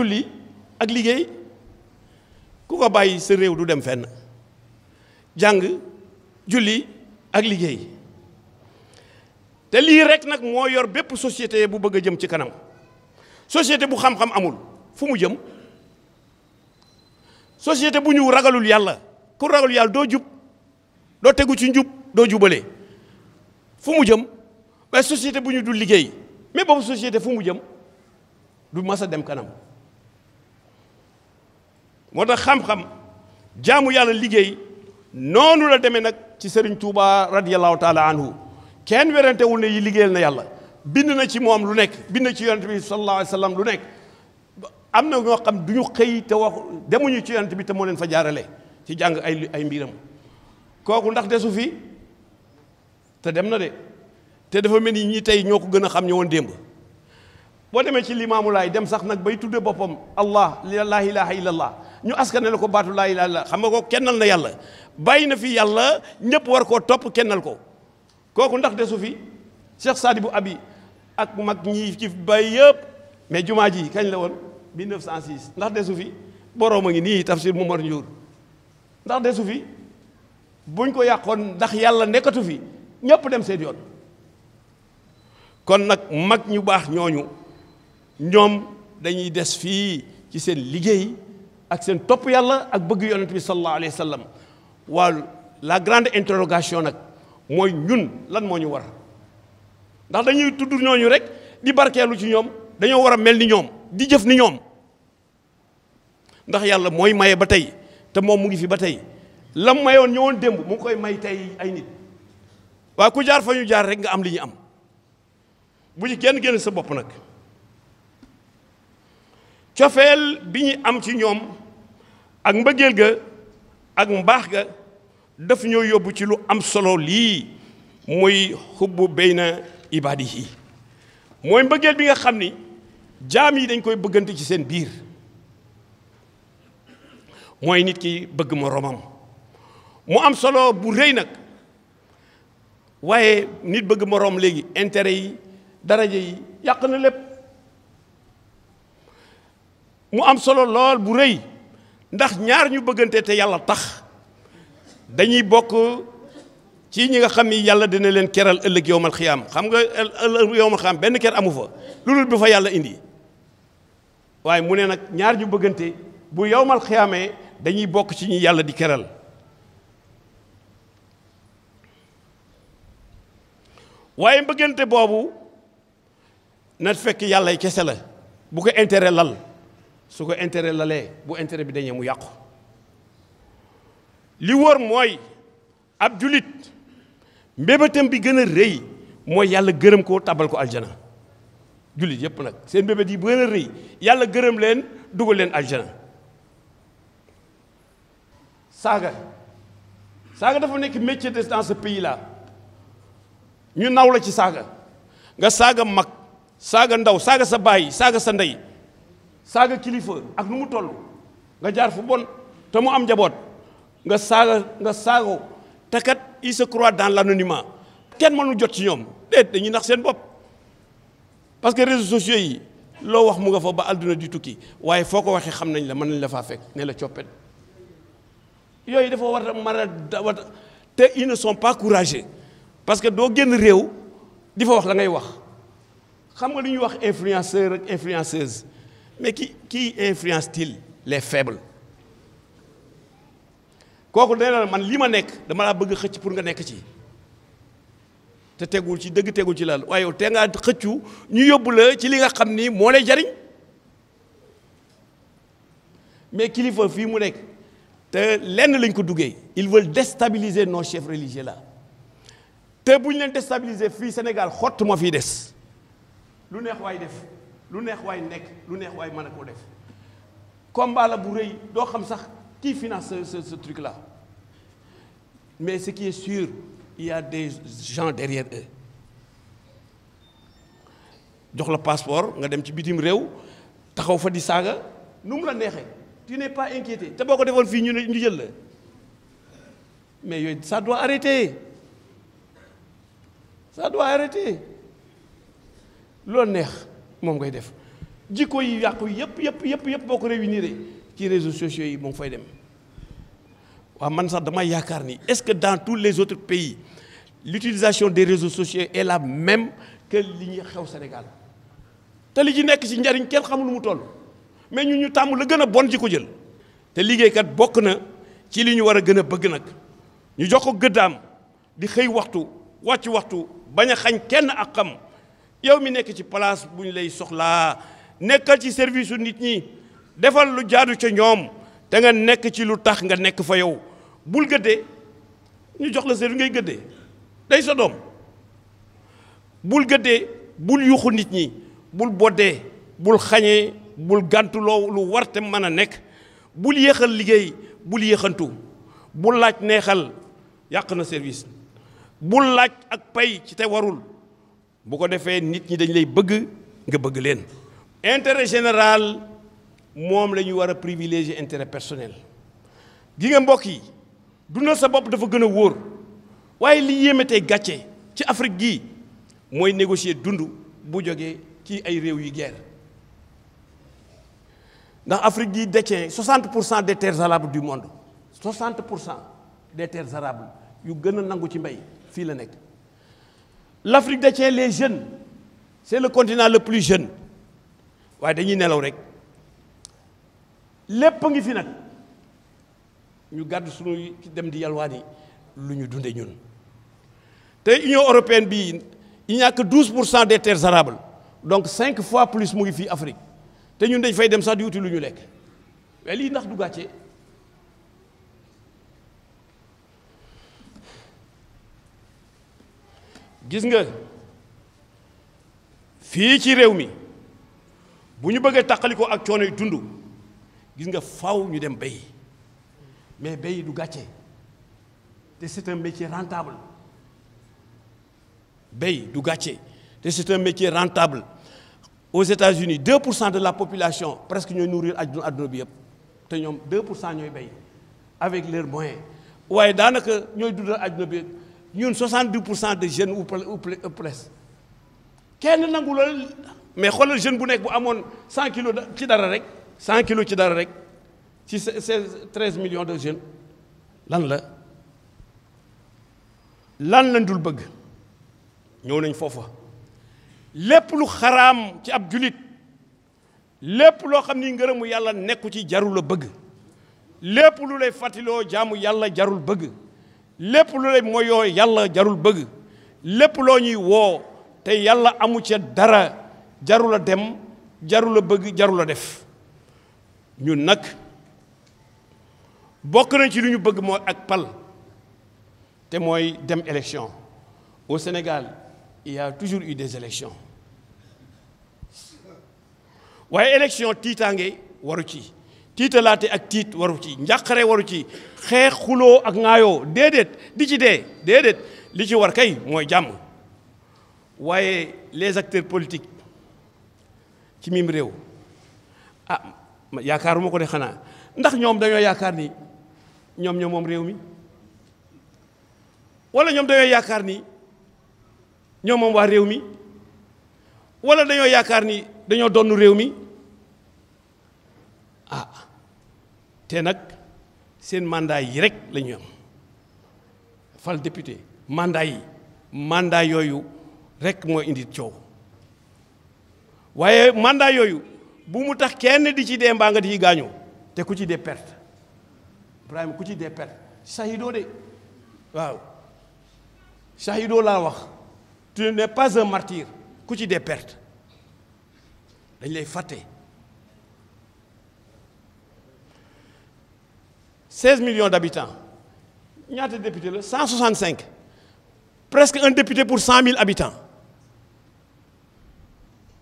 julli ak liggéey ku ko bàyyi sa réew du dem fenn jàng julli ak liggéey te lii rek nag moo yor bépp société bu bëgg a jëm ci kanam société bu xam-xam amul fu mu jëm société bu ñu ragalul yàlla ku ragalul yàlla doo jub doo tegu ci njub doo jubale fu mu jëm waaye société bu ñu dul liggéey mais boobu société fu mu jëm du mas a dem kanam moo tax xam-xam jaamu yàlla liggéey noonu la demee nag ci sëriñ Touba radiyallahu taala anhu kenn werantewul ne yi liggéeyal na yàlla bind na ci moom lu nekk bind ci yonent bi sallallahu alayhi lu nekk am na ñoo xam du ñu xëy te wax demuñu ci yonent bi te moo leen fa jaarale ci jàng ay ay mbiram kooku ndax desu fi te dem na de te dafa mel ni ñi tey ñoo ko gën a xam ñëwoon démb boo demee ci limaamu laay dem sax nag bay tuddee boppam allah la ilaha illallah ñu askane la ko baatu laay ilaaha la xam nga ko kennal na yàlla bàyyi na fi yàlla ñëpp war koo topp kennal ko kooku ndax desu fi Cheikh Sadibou Abi ak mag ñi ci bàyyi yëpp mais jumaa ji kañ la woon 1906 ndax desu fi boroom a ngi nii tafsir Momar Ndiour ndax desu buñ ko yàqoon ndax yàlla nekkatu fi ñëpp dem seen yoon kon nag mag ñu baax ñooñu ñoom dañuy des fii ci seen liggéey ak seen topp yàlla ak bëgg yonent bi sallallahu alayhi wa sallam waaw la grande interrogation nag mooy ñun lan moo ñu war ndax dañuy tudd ñooñu rek di barkeelu ci ñoom dañoo war a mel ni ñoom di jëf ni ñoom ndax yàlla mooy maye ba tey te moom mu ngi fi ba tey lam mayoon ñëwoon démb mu ngi koy may tey ay nit waaye ku jaar fa ñu jaar rek nga am li ñu am bu ci kenn génn sa bopp nag cofeel bi ñu am ci ñoom ak mbëggeel ga ak mbaax ga daf ñoo yóbbu ci lu am solo lii muy xubbu bayna ibaadihi mooy mbëggeel bi nga xam ni jaam yi dañ koy bëggante ci seen biir mooy nit ki bëgg moroomam mu am solo bu rëy nag waaye nit bëgg moroom léegi intere yi daraja yi yàq na lépp mu am solo lool bu rëy ndax ñaar ñu bëggante te yàlla tax dañuy bokk ci ñi nga xam ni yàlla dina leen keral ëllëg yowmal xiyaam xam nga ëllëg yowmal xiyaam benn ker amu fa loolu bi fa yàlla indi waaye mu ne nag ñaar ñu bëggante bu yowmal xiyaamee dañuy bokk ci ñi yàlla di keral waaye mbëggante boobu na fekk yàlla kese la bu ko intérêt lal su ko intérêt lalee bu intérêt bi dañee mu yàqu li war mooy ab julit mbébétam bi gën a rëy mooy yàlla gërëm ko tabal ko aljana jullit yëpp nag seen mbébét yi bu gën a rëy yàlla gërëm leen dugal leen aljana saaga saaga dafa nekk métier de dans ce pays là ñu naw la ci saaga nga saaga mag saaga ndaw saaga sa baay saaga sa ndey saaga kilifa ak nu mu toll nga jaar fu bon te mu am njaboot nga saaga nga saago te kat il se croit dans l'anonymat kenn mënu jot ci ñoom déet dañuy nax seen bopp parce que réseaux sociaux yi loo wax mu nga fa ba àdduna di tukki waaye foo ko waxee xam nañ la mën nañ la faa fekk ne la coppet yooyu dafa war mën a te ils ne pas courageux parce que doo génn réew di fa wax la ngay wax xam nga lu ñuy wax influenceur ak influenceuse mais qui qui influence-t-il les faibles kooku nee man lima nek dama la bëgg xëcc pour nga nek ci te tegul ci dëgg tegul ci laal wayo yow te ngaa xëccu ñu yobul la ci li nga xamni mo lay jariñ mais kilifa fi mu nek te lenn lañ ko duggé ils veulent déstabiliser nos chefs religieux là te bu leen déstabiliser fi Sénégal xott moo fi dess lu neex way def lu neex lu a def combat la bu se xam sax qui finance ce truc là mais ce qui est sûr il y a des gens derrière eux jox le passeport nga dem ci bitim rew taxaw fa di saga num la tu n'es pas inquiété Tu ne pas ñu ñu mais ça doit arrêter ça doit arrêter lo mom ngay def jiko yi yàqu yep yep, yep, yep, boko ko ci réseaux sociaux yi moom fay dem wa man sax dama yakar ni est-ce que dans tous les autres pays l'utilisation des réseaux sociaux est la même que li ñuy xew Sénégal té li ci nek ci njariñ kenn xamul lu mu toll mais ñu ñu tam la gëna bon ji ko jël te kat bok na ci li ñu war bëgg nak ñu jox ko gëddam di xey waxtu wàcc waxtu baña a xañ kenn akam yow mi nekk ci place bu ñu lay soxlaa nekkal ci service nit ñi defal lu jaadu ca ñoom te nga nekk ci lu tax nga nekk fa yow bul gëddee ñu jox la service ngay gëddee day sa doom bul gëddee bul yuxu nit ñi bul boddee bul xañee bul gàntuloo lu warte mën a nekk bul yéexal liggéey bul yéexantu bul laaj neexal yàq na service bul laaj ak pay ci te warul bu ko defee nit ñi dañ lay bëgg nga bëgg leen intérêt général moom la ñu war a privilégier intérêt personnel gi nga mbokk yi dundal sa bopp dafa gën a wóor waaye li yéeme tey gàcce ci Afrique gii mooy négocier dund bu jógee ci ay réew yu guerre ndax Afrique gii détient 60 pour cent des terres arables du monde 60 pour cent des terres arables yu gën a nangu ci mbay fii la nekk l'Afrique détient les jeunes c'est le continent le plus jeune waaye dañuy nelaw rek lépp ngi ce qui ñu gàdd suñu dem di yalwaani lu ñu ñun te Union européenne il n'y a que 12 des terres arables donc 5 fois plus mu ngi fii Afrique ça, nous dañ fay dem sax di ndax gis nga fii ci réew mi bu ñu bëggee tàqalikoo ak coono yu dund gis nga faw ñu dem bay mais bay du gàcce te c'est un métier rentable bay du gàcce te c'est un métier rentable aux États-Unis 2 pour cent de la population presque ñooy nourrir adduna adduna bi yëpp te ñoom 2 pour cent ñooy béy avec leurs moyens waaye daanaka ñooy dundal adduna bi ñun 70 de jeunes ou ou presque kenn nangu loolu mais xoolal jeune bu nekk bu amoon 100 kilos ci dara rek 100 kilos ci dara rek ci 16 13 millions de jeunes lan la lan lañ dul bëgg ñëw nañ foofa lépp lu xaraam ci ab julit lépp loo xam ni ngërëmu yàlla nekku ci jarul a bëgg lépp lu lay fàttiloo jaamu yàlla jarul bëgg lépp lu lay les yàlla jarul te yàlla amu dara jarula dem jarula là bëgg def ñun nag bokk nañ ci ak pal te mooy dem élection au Sénégal il y a toujours eu des élections waaye élection tiitaange waru tiitalaate ak tiit waru ci njàqare waru ci xeex xuloo ak ŋaayoo déedéet di ci dee déedéet li ci war kay mooy jàmm waaye les acteurs politiques ci mim réew ah yaakaaruma ko de xanaa ndax ñoom dañoo yaakaar ni ñoom ñoom moom réew mi wala ñoom dañoo yaakaar ni ñoom moom waa réew mi wala dañoo yaakaar ni dañoo donn réew mi ah te nag seen mandat yi rek la ñu fal député mandat yi mandat yooyu rek mooy indi coow waaye mandat yooyu bu mu tax kenn di ci dee mbaa nga di gaañoo te ku ci dee perte Ibrahima ku ci dee perte sahidoo de waaw sahidoo laa wax tu ne pas un martyr ku ci dee perte dañ lay fàtte 16 millions d'habitants il y a des députés.. 165 presque un député pour 100 000 habitants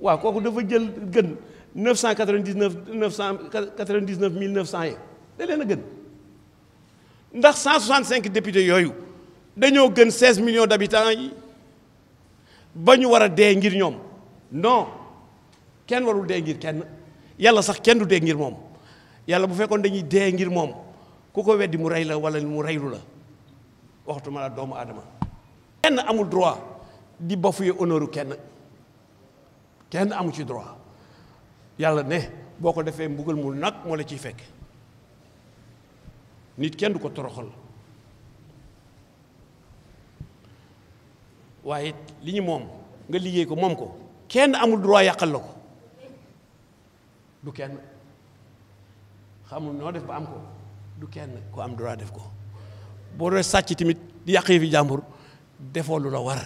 Wa quoi dafa jël gën 999 999 900 Vous a 165 députés Il y gën 16 millions d'habitants yi ba ñu a ngir non kenn warul dee ngir kenn yàlla sax kenn du Il ngir a des bu fekkoon dañuy dee ngir ku ko weddi mu rey la wala mu reylu la waxtuma la doomu adama kenn amul droit di bafouer honneuru kenn kenn amu ci droit yàlla ne boo ko defee mbugal mu nag moo la ciy fekk nit kenn du ko toroxal waaye li ñu moom nga liggéey ko moom ko kenn amul droit yàqal la ko du kenn xamul noo def ba am ko du kenn ku am droit def ko boo doon sàcc tamit di yàq yëfi jàmbur defoo lu la war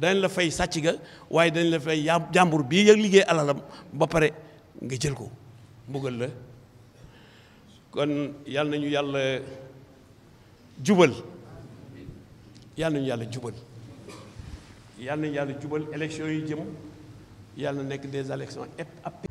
dañ la fay sàcc ga waaye dañ la fay jàmbur bii yëg liggéey alalam ba pare nga jël ko mbugal la kon yal nañu yàlla jubal yal nañu yàlla jubal yal nañu yàlla jubal élection yi jëm yàlla nekk des élections ép